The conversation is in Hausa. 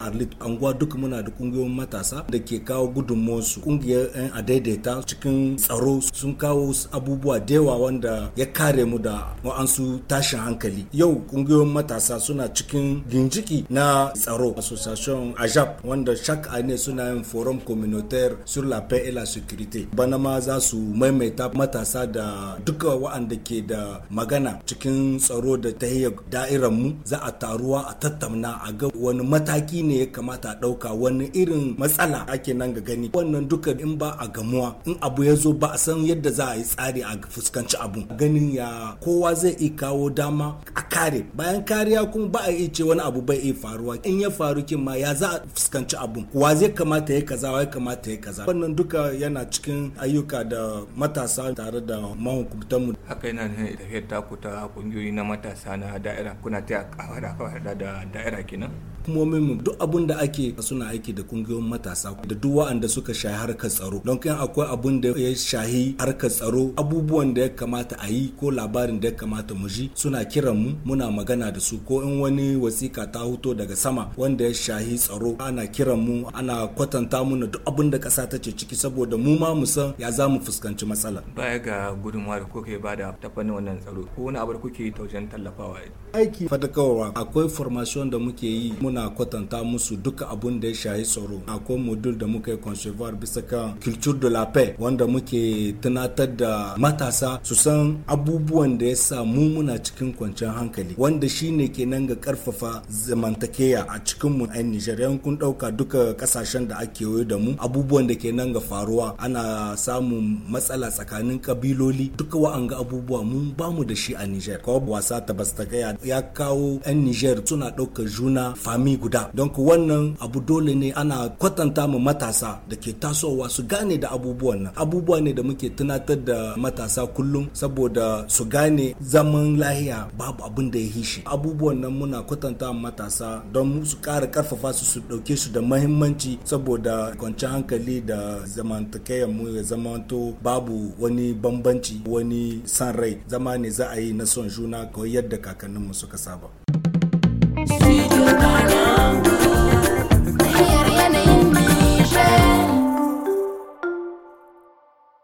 arlit anguwa duk muna da kungiyoyin matasa da ke kawo gudunmuwarsu kungiyar yan adaidaita cikin tsaro sun kawo abubuwa da yawa wanda ya kare mu da wa'ansu tashin hankali yau kungiyoyin matasa suna cikin ginjiki na tsaro association ajab wanda shak ne suna yin forum communautaire sur la paix et la sécurité bana ma za su maimaita matasa da duka wa'anda ke da magana cikin tsaro da ta da'irar mu za a taruwa a tattauna a ga wani mataki ne ne ya kamata a ɗauka wani irin matsala ake nan ga gani wannan duka in ba a gamuwa in abu ya zo ba a san yadda za a yi tsari a fuskanci abu ganin ya kowa zai iya kawo dama a kare bayan kariya kuma ba a ce wani abu bai iya faruwa in ya faru kin ma ya za a fuskanci abun wa zai kamata ya kaza wa ya kamata ya kaza wannan duka yana cikin ayyuka da matasa tare da mahukuntan mu haka yana da tafiyar taku ta kungiyoyi na matasa na da'ira kuna ta a kawar da da'ira kenan hukumomin duk abun da ake suna aiki da kungiyoyin matasa da duk wa'anda suka shahi harkar tsaro don kan akwai abun da ya shahi harkar tsaro abubuwan da ya kamata a yi ko labarin da ya kamata mu ji suna kiran mu muna magana da su ko in wani wasika ta huto daga sama wanda ya shahi tsaro ana kiran mu ana kwatanta muna duk abin da ƙasa ta ce ciki saboda mu ma mu san ya za mu fuskanci matsala. Baya ga gudunmawa da kuke ba da tafanin wannan tsaro ko wani abu da kuke taujen tallafawa. Aiki fadakarwa akwai formation da muke yi muna kwatanta musu duka abun da ya shahi tsaro akwai modul da muka yi conservoir bisa kan culture de la paix wanda muke tunatar da matasa su san abubuwan da ya sa mu muna cikin kwanciyar hankali hankali wanda shine kenan ga karfafa zamantakeya a cikin mu yan Nijar kun dauka duka kasashen da ake waye da mu abubuwan da ke nan ga faruwa ana samun matsala tsakanin kabiloli duka wa'anga abubuwa mun bamu da shi a Nijar ko wasa ta bastakeya ya kawo yan Nijar suna ɗaukar juna fami guda don wannan abu dole ne ana kwatanta mu matasa da ke tasowa su gane da abubuwan nan abubuwa ne da muke tunatar da matasa kullum saboda su gane zaman lahiya babu abu abin da ya yi shi abubuwan nan muna kwatanta matasa don su kara karfafa su su ɗauke su da mahimmanci saboda kwanci hankali da zamantakewar mu ya zamanto babu wani bambanci wani san rai zama ne za a yi na son juna kawai yadda kakanninmu suka saba.